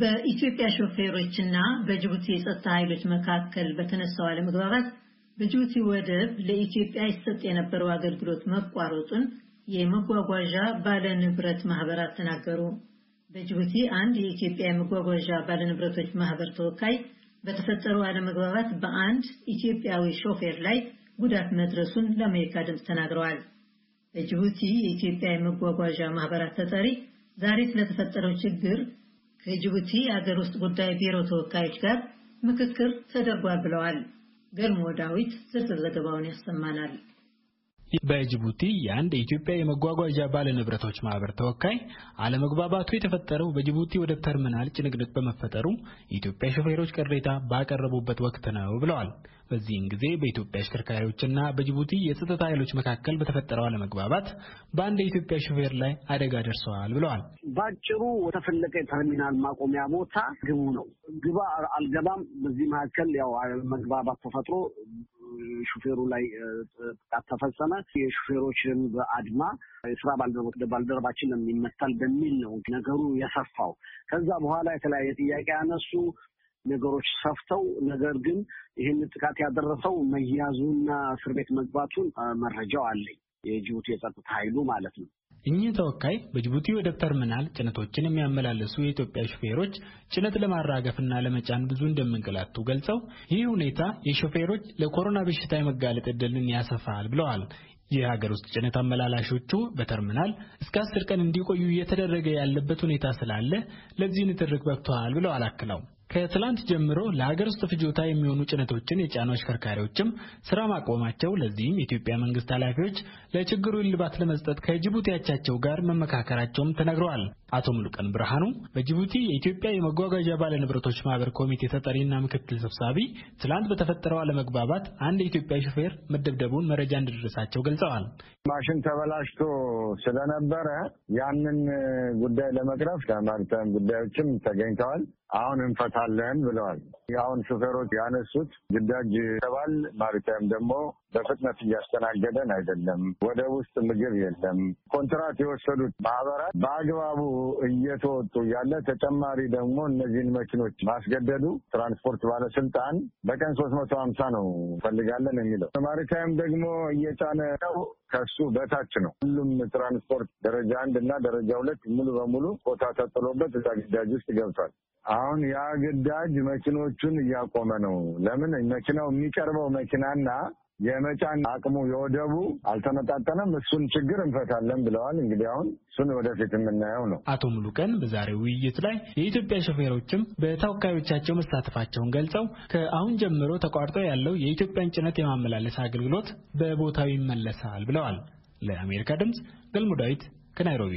በኢትዮጵያ ሾፌሮች እና በጅቡቲ የጸጥታ ኃይሎች መካከል በተነሳው አለመግባባት በጅቡቲ ወደብ ለኢትዮጵያ ይሰጥ የነበረው አገልግሎት መቋረጡን የመጓጓዣ ባለንብረት ማህበራት ተናገሩ። በጅቡቲ አንድ የኢትዮጵያ የመጓጓዣ ባለንብረቶች ማህበር ተወካይ በተፈጠረው አለመግባባት በአንድ ኢትዮጵያዊ ሾፌር ላይ ጉዳት መድረሱን ለአሜሪካ ድምፅ ተናግረዋል። በጅቡቲ የኢትዮጵያ የመጓጓዣ ማህበራት ተጠሪ ዛሬ ስለተፈጠረው ችግር ከጅቡቲ የሀገር ውስጥ ጉዳይ ቢሮ ተወካዮች ጋር ምክክር ተደርጓል ብለዋል። ገልሞ ዳዊት ዝርዝር ዘገባውን ያሰማናል። በጅቡቲ የአንድ የኢትዮጵያ የመጓጓዣ ባለንብረቶች ማህበር ተወካይ አለመግባባቱ የተፈጠረው በጅቡቲ ወደብ ተርሚናል ጭንቅንቅ በመፈጠሩ የኢትዮጵያ ሾፌሮች ቅሬታ ባቀረቡበት ወቅት ነው ብለዋል። በዚህም ጊዜ በኢትዮጵያ አሽከርካሪዎችና በጅቡቲ የጸጥታ ኃይሎች መካከል በተፈጠረው አለመግባባት በአንድ የኢትዮጵያ ሾፌር ላይ አደጋ ደርሰዋል ብለዋል። ባጭሩ የተፈለቀ የተርሚናል ማቆሚያ ቦታ ግቡ ነው ግባ አልገባም። በዚህ መካከል ያው አለመግባባት ተፈጥሮ በሾፌሩ ላይ ጥቃት ተፈጸመ። የሾፌሮችን በአድማ የስራ ባልደረባችን ይመታል በሚል ነው ነገሩ የሰፋው። ከዛ በኋላ የተለያየ ጥያቄ ያነሱ ነገሮች ሰፍተው፣ ነገር ግን ይህን ጥቃት ያደረሰው መያዙና እስር ቤት መግባቱን መረጃው አለኝ። የጅቡቲ የጸጥታ ኃይሉ ማለት ነው። እኚህ ተወካይ በጅቡቲ ወደብ ተርሚናል ጭነቶችን የሚያመላልሱ የኢትዮጵያ ሾፌሮች ጭነት ለማራገፍና ለመጫን ብዙ እንደሚንገላቱ ገልጸው ይህ ሁኔታ የሹፌሮች ለኮሮና በሽታ የመጋለጥ እድልን ያሰፋል ብለዋል። የሀገር ውስጥ ጭነት አመላላሾቹ በተርሚናል እስከ አስር ቀን እንዲቆዩ እየተደረገ ያለበት ሁኔታ ስላለ ለዚህ ንትርክ በቅቷል ብለው አላክለው ከትላንት ጀምሮ ለሀገር ውስጥ ፍጆታ የሚሆኑ ጭነቶችን የጫኑ አሽከርካሪዎችም ስራ ማቆማቸው፣ ለዚህም የኢትዮጵያ መንግስት ኃላፊዎች ለችግሩ እልባት ለመስጠት ከጅቡቲ አቻቸው ጋር መመካከራቸውም ተነግረዋል። አቶ ሙሉቀን ብርሃኑ በጅቡቲ የኢትዮጵያ የመጓጓዣ ባለንብረቶች ማህበር ኮሚቴ ተጠሪና ምክትል ሰብሳቢ ትላንት በተፈጠረው አለመግባባት አንድ የኢትዮጵያ ሹፌር መደብደቡን መረጃ እንደደረሳቸው ገልጸዋል። ማሽን ተበላሽቶ ስለነበረ ያንን ጉዳይ ለመቅረፍ ተመርተን ጉዳዮችም ተገኝተዋል። አሁን እንፈታ our land, Vedan. የአሁን ሹፌሮች ያነሱት ግዳጅ ተባል ማሪታይም ደግሞ በፍጥነት እያስተናገደን አይደለም። ወደ ውስጥ ምግብ የለም። ኮንትራት የወሰዱት ማህበራት በአግባቡ እየተወጡ ያለ ተጨማሪ ደግሞ እነዚህን መኪኖች ማስገደዱ ትራንስፖርት ባለስልጣን በቀን ሶስት መቶ ሀምሳ ነው ፈልጋለን የሚለው ማሪታይም ደግሞ እየጫነ ነው። ከሱ በታች ነው። ሁሉም ትራንስፖርት ደረጃ አንድ እና ደረጃ ሁለት ሙሉ በሙሉ ቦታ ተጥሎበት እዛ ግዳጅ ውስጥ ገብቷል። አሁን ያ ግዳጅ መኪኖች መኪኖቹን እያቆመ ነው። ለምን መኪናው የሚቀርበው መኪናና የመጫን አቅሙ የወደቡ አልተመጣጠነም። እሱን ችግር እንፈታለን ብለዋል። እንግዲህ አሁን እሱን ወደፊት የምናየው ነው። አቶ ሙሉቀን በዛሬው ውይይት ላይ የኢትዮጵያ ሾፌሮችም በተወካዮቻቸው መሳተፋቸውን ገልጸው ከአሁን ጀምሮ ተቋርጦ ያለው የኢትዮጵያን ጭነት የማመላለስ አገልግሎት በቦታው ይመለሳል ብለዋል። ለአሜሪካ ድምፅ ገልሞ ዳዊት ከናይሮቢ